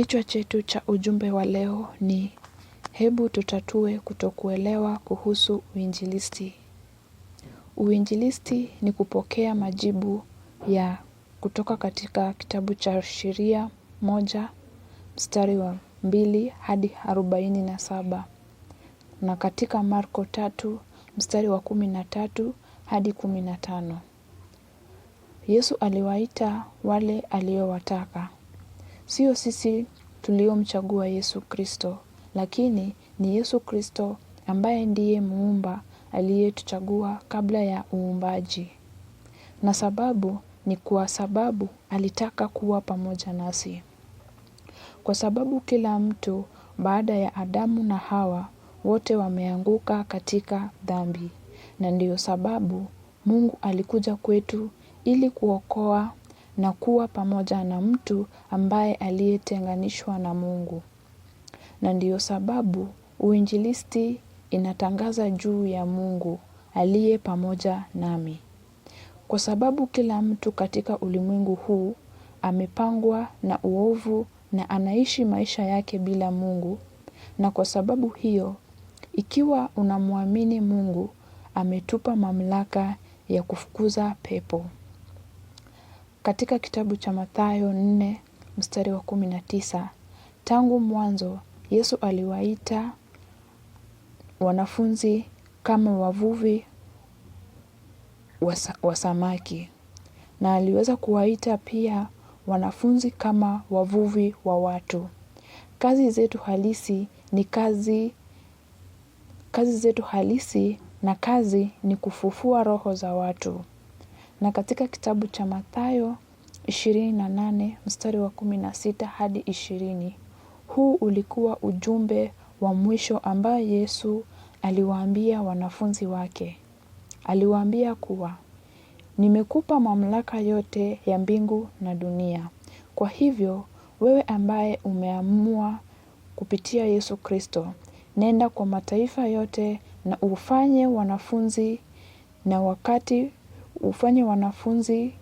Kichwa chetu cha ujumbe wa leo ni hebu tutatue kutokuelewa kuhusu uinjilisti. Uinjilisti ni kupokea majibu ya kutoka katika kitabu cha Sheria moja mstari wa mbili hadi arobaini na saba na katika Marko tatu mstari wa kumi na tatu hadi kumi na tano. Yesu aliwaita wale aliowataka Sio sisi tuliomchagua Yesu Kristo, lakini ni Yesu Kristo ambaye ndiye muumba aliyetuchagua kabla ya uumbaji. Na sababu ni kwa sababu alitaka kuwa pamoja nasi. Kwa sababu kila mtu baada ya Adamu na Hawa wote wameanguka katika dhambi, na ndiyo sababu Mungu alikuja kwetu ili kuokoa na kuwa pamoja na mtu ambaye aliyetenganishwa na Mungu. Na ndiyo sababu uinjilisti inatangaza juu ya Mungu aliye pamoja nami. Kwa sababu kila mtu katika ulimwengu huu amepangwa na uovu na anaishi maisha yake bila Mungu, na kwa sababu hiyo, ikiwa unamwamini Mungu, ametupa mamlaka ya kufukuza pepo. Katika kitabu cha Mathayo 4 mstari wa kumi na tisa, tangu mwanzo Yesu aliwaita wanafunzi kama wavuvi wa samaki na aliweza kuwaita pia wanafunzi kama wavuvi wa watu. Kazi zetu halisi ni kazi, kazi zetu halisi na kazi ni kufufua roho za watu. Na katika kitabu cha Mathayo 28 mstari wa 16 hadi 20. Huu ulikuwa ujumbe wa mwisho ambayo Yesu aliwaambia wanafunzi wake. Aliwaambia kuwa, Nimekupa mamlaka yote ya mbingu na dunia. Kwa hivyo, wewe ambaye umeamua kupitia Yesu Kristo, nenda kwa mataifa yote na ufanye wanafunzi na wakati ufanye wanafunzi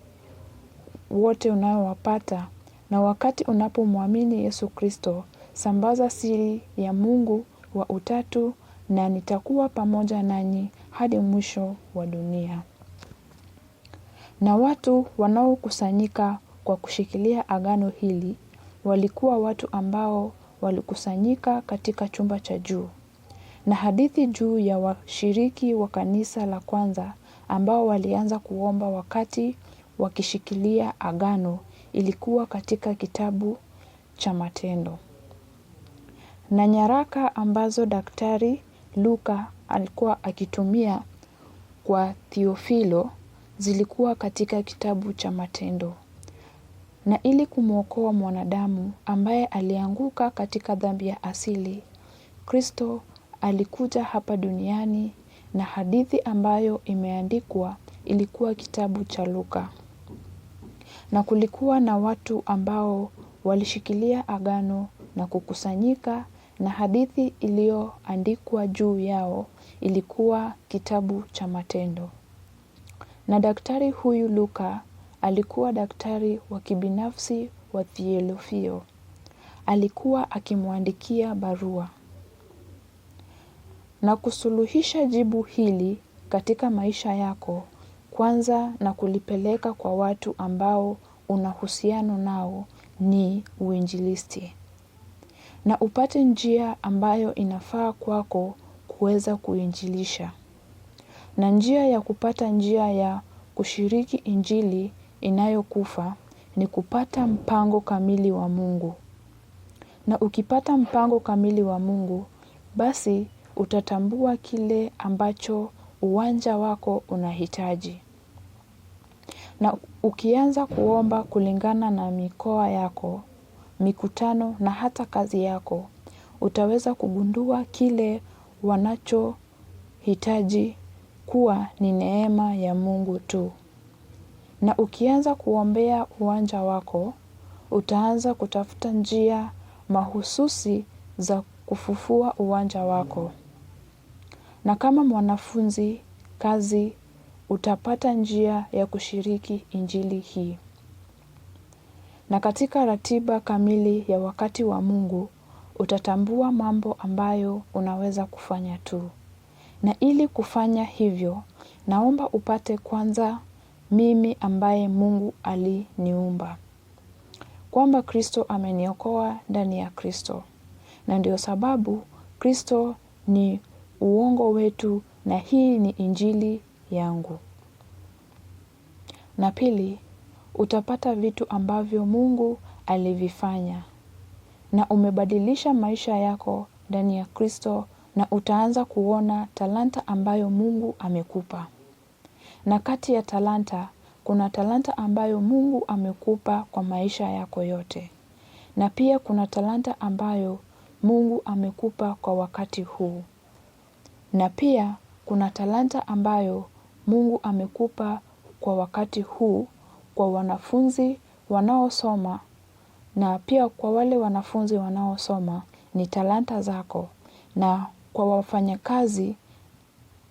wote unaowapata, na wakati unapomwamini Yesu Kristo, sambaza siri ya Mungu wa Utatu, na nitakuwa pamoja nanyi hadi mwisho wa dunia. Na watu wanaokusanyika kwa kushikilia agano hili walikuwa watu ambao walikusanyika katika chumba cha juu. Na hadithi juu ya washiriki wa kanisa la kwanza ambao walianza kuomba wakati wakishikilia agano ilikuwa katika kitabu cha Matendo. Na nyaraka ambazo Daktari Luka alikuwa akitumia kwa Thiofilo zilikuwa katika kitabu cha Matendo. Na ili kumwokoa mwanadamu ambaye alianguka katika dhambi ya asili, Kristo alikuja hapa duniani na hadithi ambayo imeandikwa ilikuwa kitabu cha Luka. Na kulikuwa na watu ambao walishikilia agano na kukusanyika, na hadithi iliyoandikwa juu yao ilikuwa kitabu cha Matendo. Na daktari huyu Luka alikuwa daktari wa kibinafsi wa Thiolofio. Alikuwa akimwandikia barua na kusuluhisha jibu hili katika maisha yako kwanza na kulipeleka kwa watu ambao unahusiano nao ni uinjilisti. Na upate njia ambayo inafaa kwako kuweza kuinjilisha. Na njia ya kupata njia ya kushiriki injili inayokufa ni kupata mpango kamili wa Mungu. Na ukipata mpango kamili wa Mungu, basi utatambua kile ambacho uwanja wako unahitaji. Na ukianza kuomba kulingana na mikoa yako, mikutano na hata kazi yako, utaweza kugundua kile wanachohitaji kuwa ni neema ya Mungu tu. Na ukianza kuombea uwanja wako, utaanza kutafuta njia mahususi za kufufua uwanja wako. Na kama mwanafunzi kazi utapata njia ya kushiriki injili hii. Na katika ratiba kamili ya wakati wa Mungu, utatambua mambo ambayo unaweza kufanya tu. Na ili kufanya hivyo, naomba upate kwanza mimi ambaye Mungu aliniumba. Kwamba Kristo ameniokoa ndani ya Kristo. Na ndio sababu Kristo ni uongo wetu na hii ni injili yangu. Na pili, utapata vitu ambavyo Mungu alivifanya na umebadilisha maisha yako ndani ya Kristo na utaanza kuona talanta ambayo Mungu amekupa. Na kati ya talanta kuna talanta ambayo Mungu amekupa kwa maisha yako yote. Na pia kuna talanta ambayo Mungu amekupa kwa wakati huu. Na pia kuna talanta ambayo mungu amekupa kwa wakati huu kwa wanafunzi wanaosoma na pia kwa wale wanafunzi wanaosoma ni talanta zako na kwa wafanyakazi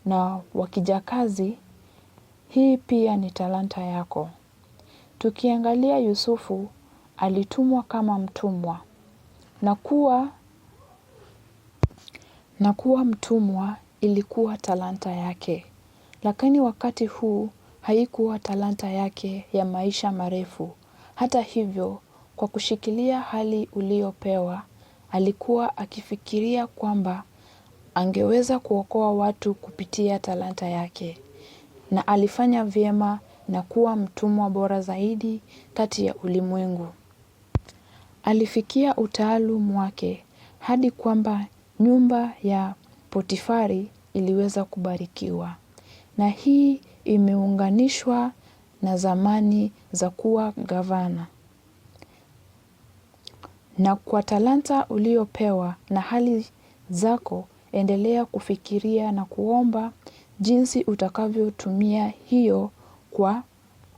na wakijakazi hii pia ni talanta yako. Tukiangalia Yusufu alitumwa kama mtumwa na kuwa na kuwa mtumwa ilikuwa talanta yake. Lakini wakati huu haikuwa talanta yake ya maisha marefu. Hata hivyo, kwa kushikilia hali uliyopewa, alikuwa akifikiria kwamba angeweza kuokoa watu kupitia talanta yake. Na alifanya vyema na kuwa mtumwa bora zaidi kati ya ulimwengu. Alifikia utaalumu wake hadi kwamba nyumba ya Potifari iliweza kubarikiwa, na hii imeunganishwa na zamani za kuwa gavana na kwa talanta uliopewa na hali zako, endelea kufikiria na kuomba jinsi utakavyotumia hiyo kwa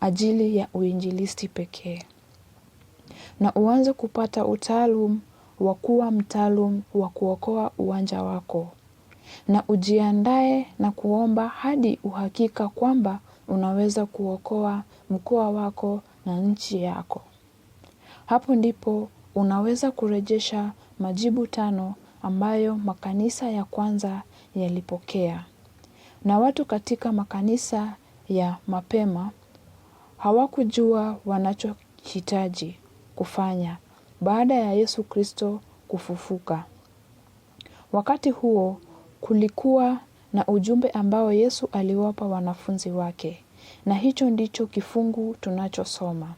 ajili ya uinjilisti pekee, na uanze kupata utaalum wa kuwa mtaalum wa kuokoa uwanja wako na ujiandae na kuomba hadi uhakika kwamba unaweza kuokoa mkoa wako na nchi yako. Hapo ndipo unaweza kurejesha majibu tano ambayo makanisa ya kwanza yalipokea. Na watu katika makanisa ya mapema hawakujua wanachohitaji kufanya baada ya Yesu Kristo kufufuka. Wakati huo Kulikuwa na ujumbe ambao Yesu aliwapa wanafunzi wake, na hicho ndicho kifungu tunachosoma.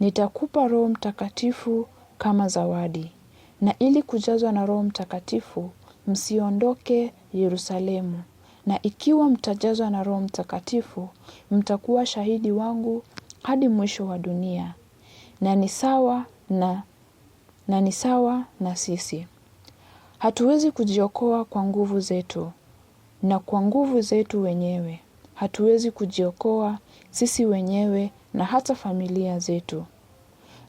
Nitakupa Roho Mtakatifu kama zawadi, na ili kujazwa na Roho Mtakatifu msiondoke Yerusalemu, na ikiwa mtajazwa na Roho Mtakatifu mtakuwa shahidi wangu hadi mwisho wa dunia. Na ni sawa na, na ni sawa na sisi Hatuwezi kujiokoa kwa nguvu zetu na kwa nguvu zetu wenyewe. Hatuwezi kujiokoa sisi wenyewe na hata familia zetu.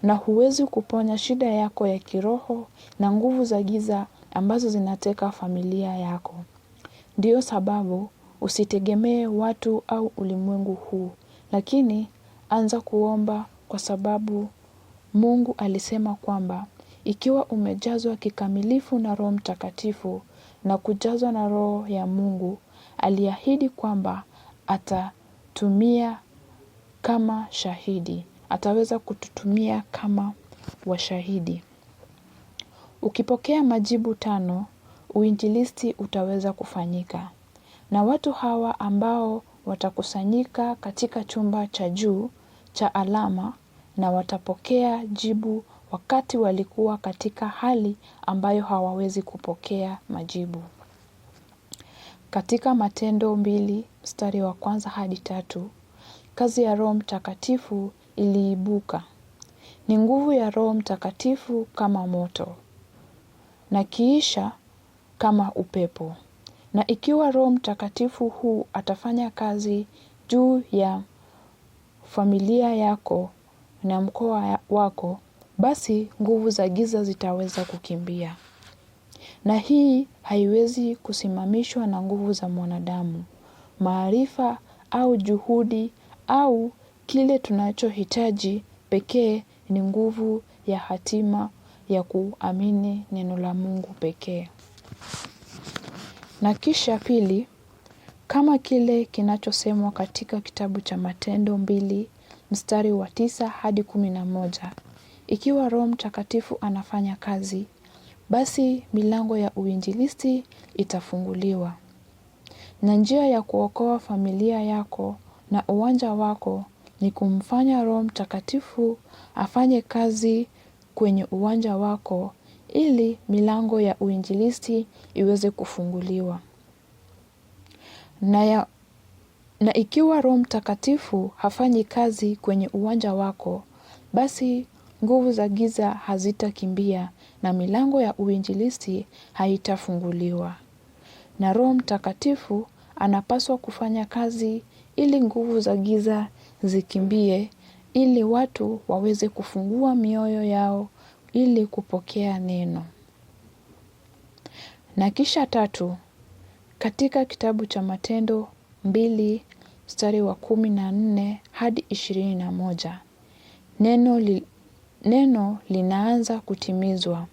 Na huwezi kuponya shida yako ya kiroho na nguvu za giza ambazo zinateka familia yako. Ndiyo sababu usitegemee watu au ulimwengu huu, lakini anza kuomba kwa sababu Mungu alisema kwamba ikiwa umejazwa kikamilifu na roho mtakatifu na kujazwa na roho ya Mungu, aliahidi kwamba atatumia kama shahidi. Ataweza kututumia kama washahidi. Ukipokea majibu tano, uinjilisti utaweza kufanyika. Na watu hawa ambao watakusanyika katika chumba cha juu cha alama na watapokea jibu wakati walikuwa katika hali ambayo hawawezi kupokea majibu. Katika Matendo mbili mstari wa kwanza hadi tatu, kazi ya Roho Mtakatifu iliibuka. Ni nguvu ya Roho Mtakatifu kama moto na kiisha kama upepo. Na ikiwa Roho Mtakatifu huu atafanya kazi juu ya familia yako na mkoa wako, basi nguvu za giza zitaweza kukimbia. Na hii haiwezi kusimamishwa na nguvu za mwanadamu, maarifa au juhudi au kile tunachohitaji pekee ni nguvu ya hatima ya kuamini neno la Mungu pekee. Na kisha pili, kama kile kinachosemwa katika kitabu cha Matendo mbili mstari wa tisa hadi kumi na moja ikiwa Roho Mtakatifu anafanya kazi, basi milango ya uinjilisti itafunguliwa na njia ya kuokoa familia yako na uwanja wako ni kumfanya Roho Mtakatifu afanye kazi kwenye uwanja wako ili milango ya uinjilisti iweze kufunguliwa. Na, ya, na ikiwa Roho Mtakatifu hafanyi kazi kwenye uwanja wako, basi nguvu za giza hazitakimbia na milango ya uinjilisti haitafunguliwa. Na Roho Mtakatifu anapaswa kufanya kazi ili nguvu za giza zikimbie, ili watu waweze kufungua mioyo yao ili kupokea neno. Na kisha tatu, katika kitabu cha Matendo mbili mstari wa kumi na nne hadi ishirini na moja neno li, neno linaanza kutimizwa.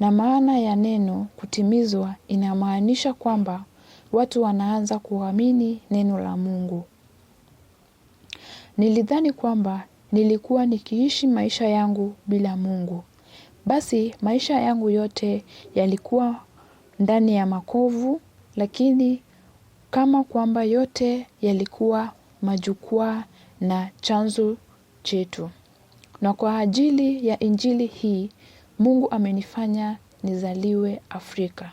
Na maana ya neno kutimizwa inamaanisha kwamba watu wanaanza kuamini neno la Mungu. Nilidhani kwamba nilikuwa nikiishi maisha yangu bila Mungu. Basi maisha yangu yote yalikuwa ndani ya makovu, lakini kama kwamba yote yalikuwa majukwaa na chanzo chetu na kwa ajili ya injili hii Mungu amenifanya nizaliwe Afrika.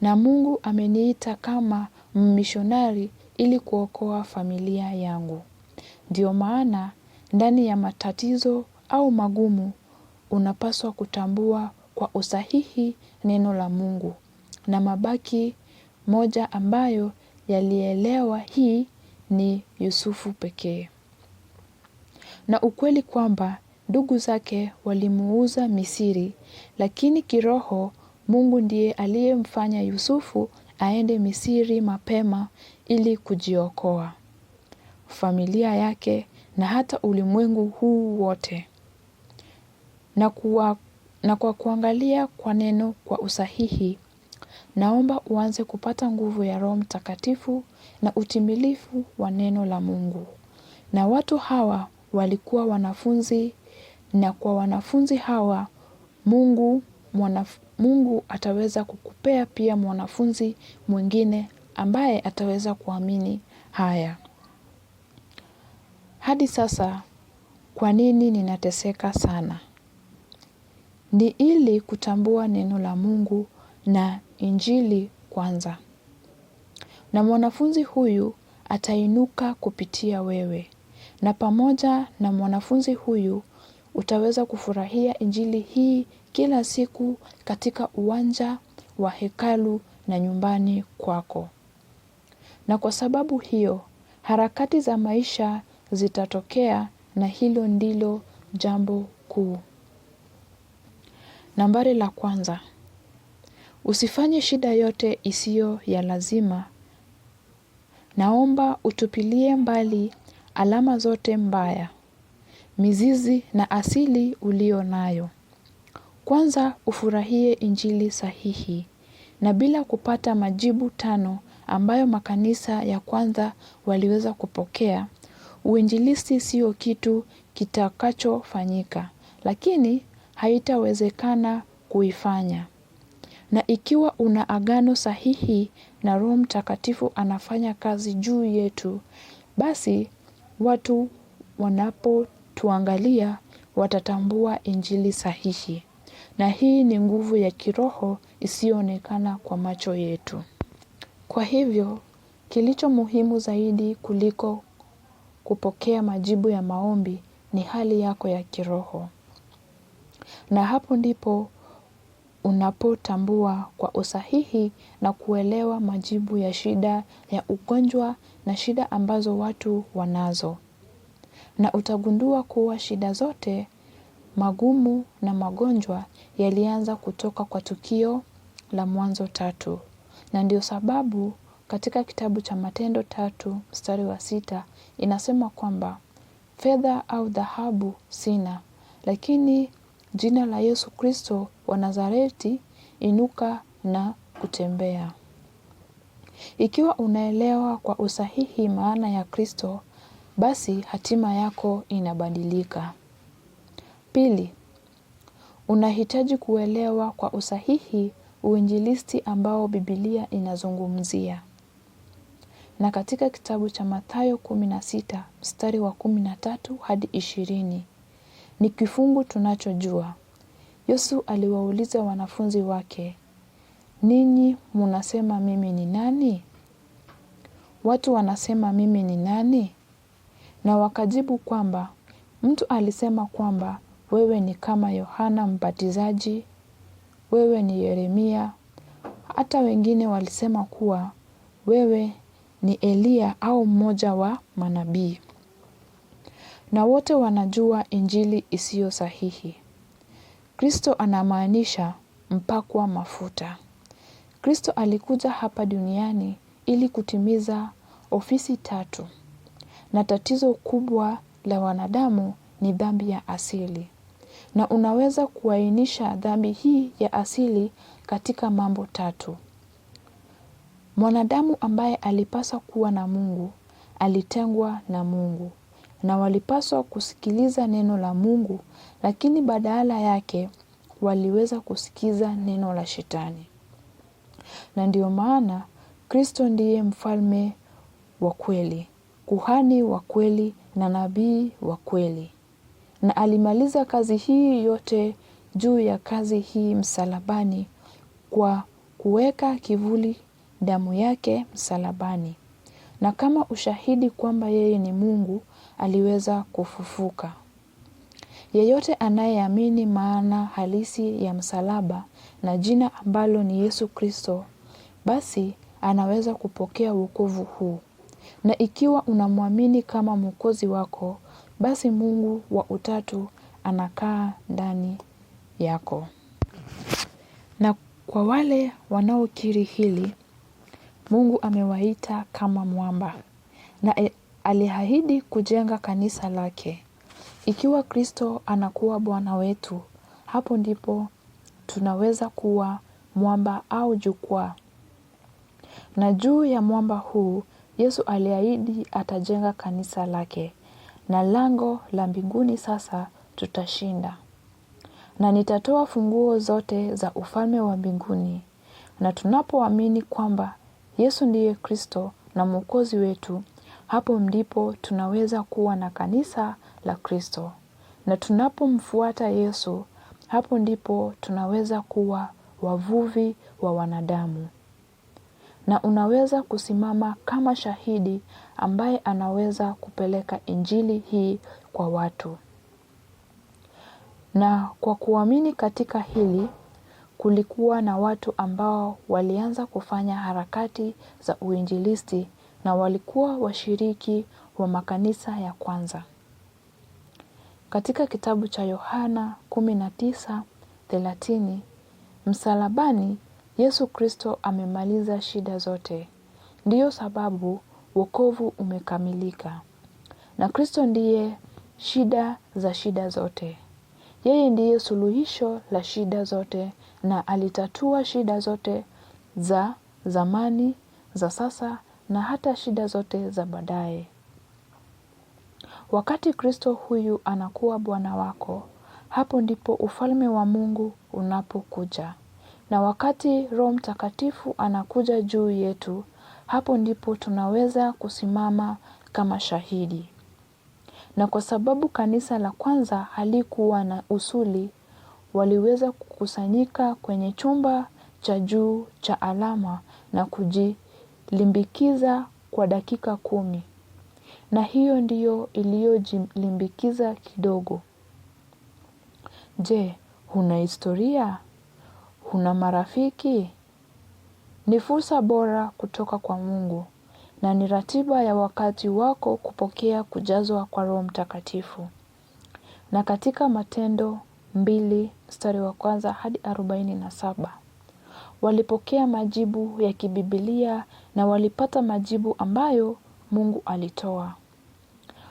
Na Mungu ameniita kama mmishonari ili kuokoa familia yangu. Ndiyo maana ndani ya matatizo au magumu unapaswa kutambua kwa usahihi neno la Mungu. Na mabaki moja ambayo yalielewa hii ni Yusufu pekee na ukweli kwamba ndugu zake walimuuza misiri lakini kiroho Mungu ndiye aliyemfanya Yusufu aende misiri mapema ili kujiokoa familia yake na hata ulimwengu huu wote. Na, kuwa, na kwa kuangalia kwa neno kwa usahihi, naomba uanze kupata nguvu ya Roho Mtakatifu na utimilifu wa neno la Mungu, na watu hawa walikuwa wanafunzi na kwa wanafunzi hawa Mungu, mwanaf Mungu ataweza kukupea pia mwanafunzi mwingine ambaye ataweza kuamini haya. Hadi sasa kwa nini ninateseka sana? Ni ili kutambua neno la Mungu na Injili kwanza. Na mwanafunzi huyu atainuka kupitia wewe na pamoja na mwanafunzi huyu utaweza kufurahia injili hii kila siku katika uwanja wa hekalu na nyumbani kwako. Na kwa sababu hiyo, harakati za maisha zitatokea na hilo ndilo jambo kuu. Nambari la kwanza. Usifanye shida yote isiyo ya lazima. Naomba utupilie mbali alama zote mbaya, mizizi na asili uliyo nayo. Kwanza ufurahie Injili sahihi na bila kupata majibu tano ambayo makanisa ya kwanza waliweza kupokea, uinjilisti sio kitu kitakachofanyika, lakini haitawezekana kuifanya. Na ikiwa una agano sahihi na Roho Mtakatifu anafanya kazi juu yetu, basi Watu wanapotuangalia watatambua injili sahihi. Na hii ni nguvu ya kiroho isiyoonekana kwa macho yetu. Kwa hivyo, kilicho muhimu zaidi kuliko kupokea majibu ya maombi ni hali yako ya kiroho. Na hapo ndipo unapotambua kwa usahihi na kuelewa majibu ya shida ya ugonjwa na shida ambazo watu wanazo. Na utagundua kuwa shida zote magumu na magonjwa yalianza kutoka kwa tukio la Mwanzo tatu. Na ndio sababu katika kitabu cha Matendo tatu mstari wa sita inasema kwamba fedha au dhahabu sina, lakini jina la Yesu Kristo wa Nazareti inuka na kutembea. Ikiwa unaelewa kwa usahihi maana ya Kristo, basi hatima yako inabadilika. Pili, unahitaji kuelewa kwa usahihi uinjilisti ambao Biblia inazungumzia. Na katika kitabu cha Mathayo 16 mstari wa 13 hadi 20 ni kifungu tunachojua. Yesu aliwauliza wanafunzi wake, Ninyi munasema mimi ni nani? Watu wanasema mimi ni nani? Na wakajibu kwamba, mtu alisema kwamba, wewe ni kama Yohana Mbatizaji, wewe ni Yeremia, hata wengine walisema kuwa, wewe ni Eliya au mmoja wa manabii. Na wote wanajua injili isiyo sahihi. Kristo anamaanisha mpakwa mafuta. Kristo alikuja hapa duniani ili kutimiza ofisi tatu, na tatizo kubwa la wanadamu ni dhambi ya asili, na unaweza kuainisha dhambi hii ya asili katika mambo tatu. Mwanadamu ambaye alipaswa kuwa na Mungu alitengwa na Mungu na walipaswa kusikiliza neno la Mungu, lakini badala yake waliweza kusikiza neno la Shetani na ndiyo maana Kristo ndiye mfalme wa kweli, kuhani wa kweli na nabii wa kweli. Na alimaliza kazi hii yote juu ya kazi hii msalabani kwa kuweka kivuli damu yake msalabani. Na kama ushahidi kwamba yeye ni Mungu aliweza kufufuka. Yeyote anayeamini maana halisi ya msalaba na jina ambalo ni Yesu Kristo basi anaweza kupokea wokovu huu. Na ikiwa unamwamini kama Mwokozi wako, basi Mungu wa Utatu anakaa ndani yako. Na kwa wale wanaokiri hili, Mungu amewaita kama mwamba na e, aliahidi kujenga kanisa lake. Ikiwa Kristo anakuwa Bwana wetu, hapo ndipo tunaweza kuwa mwamba au jukwaa na juu ya mwamba huu, Yesu aliahidi atajenga kanisa lake, na lango la mbinguni sasa tutashinda. Na nitatoa funguo zote za ufalme wa mbinguni. Na tunapoamini kwamba Yesu ndiye Kristo na Mwokozi wetu, hapo ndipo tunaweza kuwa na kanisa la Kristo. Na tunapomfuata Yesu, hapo ndipo tunaweza kuwa wavuvi wa wanadamu na unaweza kusimama kama shahidi ambaye anaweza kupeleka Injili hii kwa watu. Na kwa kuamini katika hili, kulikuwa na watu ambao walianza kufanya harakati za uinjilisti na walikuwa washiriki wa makanisa ya kwanza. Katika kitabu cha Yohana 19:30, msalabani Yesu Kristo amemaliza shida zote. Ndiyo sababu wokovu umekamilika. Na Kristo ndiye shida za shida zote. Yeye ndiye suluhisho la shida zote na alitatua shida zote za zamani, za sasa na hata shida zote za baadaye. Wakati Kristo huyu anakuwa Bwana wako, hapo ndipo ufalme wa Mungu unapokuja na wakati Roho Mtakatifu anakuja juu yetu, hapo ndipo tunaweza kusimama kama shahidi. Na kwa sababu kanisa la kwanza halikuwa na usuli, waliweza kukusanyika kwenye chumba cha juu cha alama na kujilimbikiza kwa dakika kumi, na hiyo ndiyo iliyojilimbikiza kidogo. Je, huna historia? Kuna marafiki? Ni fursa bora kutoka kwa Mungu na ni ratiba ya wakati wako kupokea kujazwa kwa Roho Mtakatifu. Na katika Matendo mbili mstari wa kwanza hadi arobaini na saba walipokea majibu ya kibibilia na walipata majibu ambayo Mungu alitoa.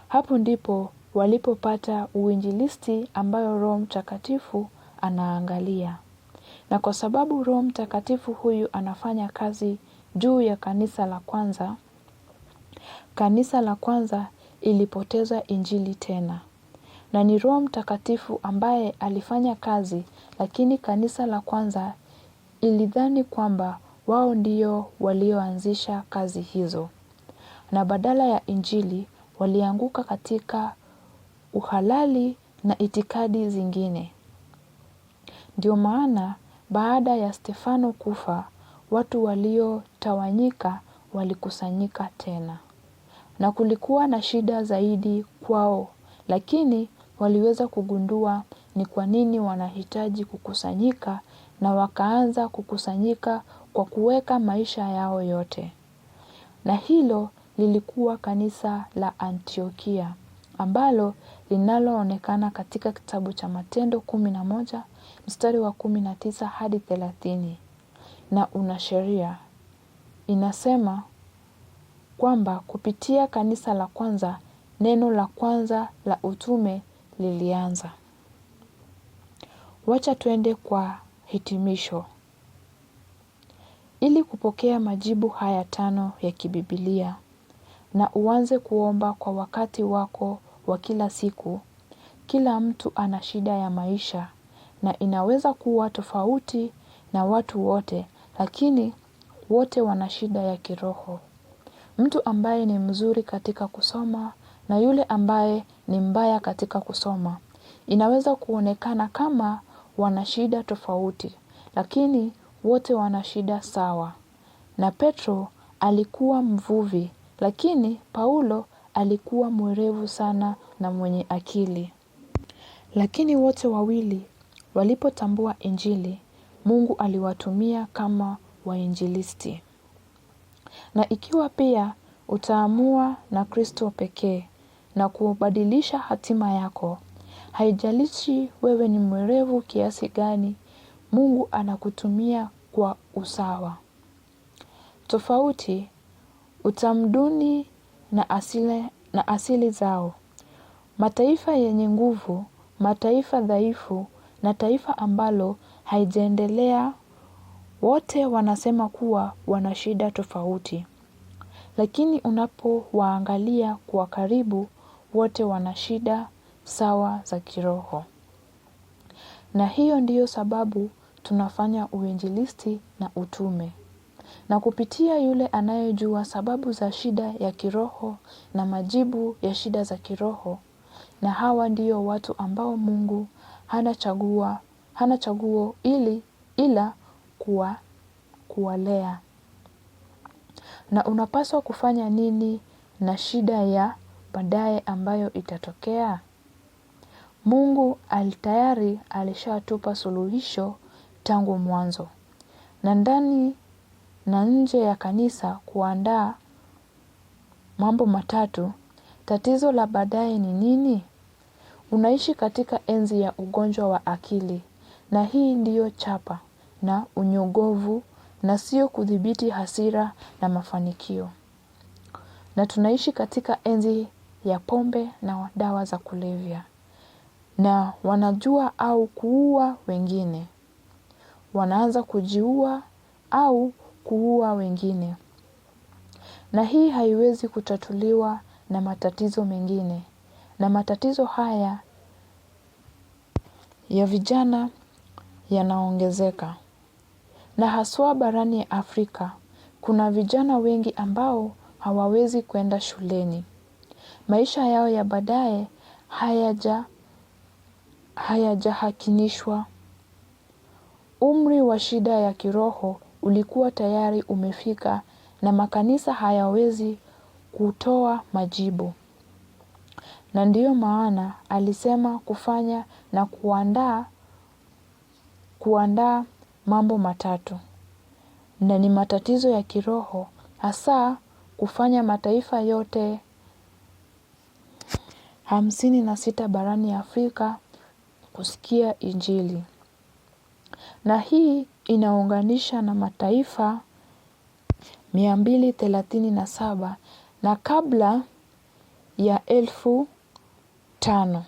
Hapo ndipo walipopata uinjilisti ambayo Roho Mtakatifu anaangalia. Na kwa sababu Roho Mtakatifu huyu anafanya kazi juu ya kanisa la kwanza, kanisa la kwanza ilipoteza Injili tena. Na ni Roho Mtakatifu ambaye alifanya kazi, lakini kanisa la kwanza ilidhani kwamba wao ndio walioanzisha kazi hizo, na badala ya Injili walianguka katika uhalali na itikadi zingine. Ndio maana baada ya Stefano kufa, watu waliotawanyika walikusanyika tena, na kulikuwa na shida zaidi kwao, lakini waliweza kugundua ni kwa nini wanahitaji kukusanyika, na wakaanza kukusanyika kwa kuweka maisha yao yote. Na hilo lilikuwa kanisa la Antiokia ambalo linaloonekana katika kitabu cha Matendo kumi na moja mstari wa kumi na tisa hadi thelathini na una sheria. Inasema kwamba kupitia kanisa la kwanza neno la kwanza la utume lilianza. Wacha tuende kwa hitimisho. Ili kupokea majibu haya tano ya kibibilia na uanze kuomba kwa wakati wako wa kila siku, kila mtu ana shida ya maisha na inaweza kuwa tofauti na watu wote, lakini wote wana shida ya kiroho. Mtu ambaye ni mzuri katika kusoma na yule ambaye ni mbaya katika kusoma inaweza kuonekana kama wana shida tofauti, lakini wote wana shida sawa. Na Petro alikuwa mvuvi, lakini Paulo alikuwa mwerevu sana na mwenye akili. Lakini wote wawili Walipotambua Injili, Mungu aliwatumia kama wainjilisti. Na ikiwa pia utaamua na Kristo pekee na kubadilisha hatima yako, haijalishi wewe ni mwerevu kiasi gani, Mungu anakutumia kwa usawa. Tofauti utamduni na asili, na asili zao. Mataifa yenye nguvu, mataifa dhaifu na taifa ambalo haijaendelea wote wanasema kuwa wana shida tofauti. Lakini unapowaangalia kwa karibu wote wana shida sawa za kiroho. Na hiyo ndiyo sababu tunafanya uinjilisti na utume. Na kupitia yule anayejua sababu za shida ya kiroho na majibu ya shida za kiroho na hawa ndiyo watu ambao Mungu hana chaguo ili ila kuwalea. Na unapaswa kufanya nini na shida ya baadaye ambayo itatokea? Mungu alitayari alishatupa suluhisho tangu mwanzo, na ndani na nje ya kanisa kuandaa mambo matatu. Tatizo la baadaye ni nini? Unaishi katika enzi ya ugonjwa wa akili na hii ndiyo chapa na unyogovu na sio kudhibiti hasira na mafanikio. Na tunaishi katika enzi ya pombe na dawa za kulevya na wanajua au kuua wengine. Wanaanza kujiua au kuua wengine. Na hii haiwezi kutatuliwa na matatizo mengine na matatizo haya ya vijana yanaongezeka. Na haswa barani ya Afrika, kuna vijana wengi ambao hawawezi kwenda shuleni. Maisha yao ya baadaye hayajahakinishwa. Umri wa shida ya kiroho ulikuwa tayari umefika na makanisa hayawezi kutoa majibu. Na ndiyo maana alisema kufanya na kuandaa kuandaa mambo matatu. Na ni matatizo ya kiroho hasa kufanya mataifa yote hamsini na sita barani Afrika kusikia Injili. Na hii inaunganisha na mataifa mia mbili thelathini na saba na kabla ya elfu tano.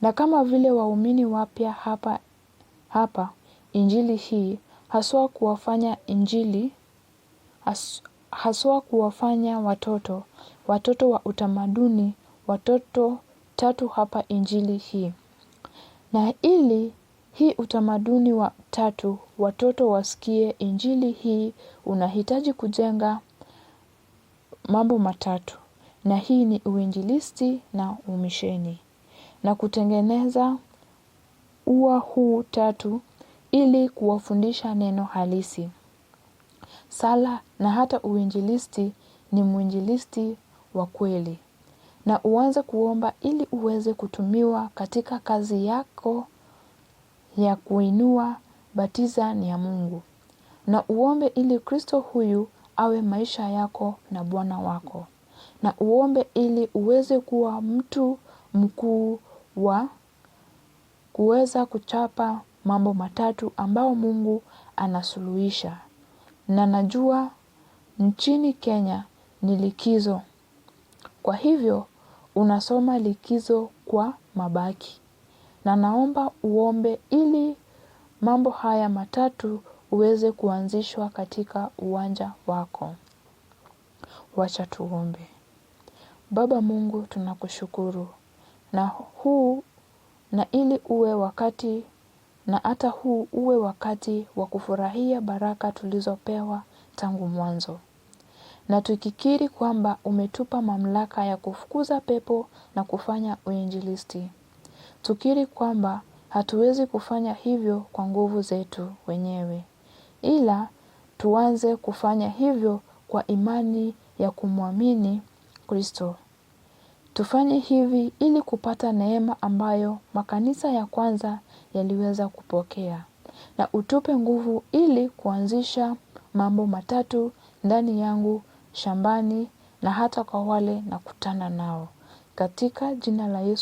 Na kama vile waumini wapya hapa hapa injili hii haswa kuwafanya injili has, haswa kuwafanya watoto watoto wa utamaduni watoto tatu hapa injili hii na ili hii utamaduni wa tatu watoto wasikie injili hii unahitaji kujenga mambo matatu na hii ni uinjilisti na umisheni, na kutengeneza ua huu tatu ili kuwafundisha neno halisi. Sala na hata uinjilisti ni mwinjilisti wa kweli, na uanze kuomba ili uweze kutumiwa katika kazi yako ya kuinua batiza ni ya Mungu, na uombe ili Kristo huyu awe maisha yako na Bwana wako na uombe ili uweze kuwa mtu mkuu wa kuweza kuchapa mambo matatu ambao Mungu anasuluhisha. Na najua nchini Kenya ni likizo, kwa hivyo unasoma likizo kwa mabaki, na naomba uombe ili mambo haya matatu uweze kuanzishwa katika uwanja wako. Wacha tuombe. Baba Mungu tunakushukuru na huu na ili uwe wakati na hata huu uwe wakati wa kufurahia baraka tulizopewa tangu mwanzo. Na tukikiri kwamba umetupa mamlaka ya kufukuza pepo na kufanya uinjilisti. Tukiri kwamba hatuwezi kufanya hivyo kwa nguvu zetu wenyewe. Ila tuanze kufanya hivyo kwa imani ya kumwamini Kristo. Tufanye hivi ili kupata neema ambayo makanisa ya kwanza yaliweza kupokea na utupe nguvu ili kuanzisha mambo matatu ndani yangu, shambani na hata kwa wale nakutana nao. Katika jina la Yesu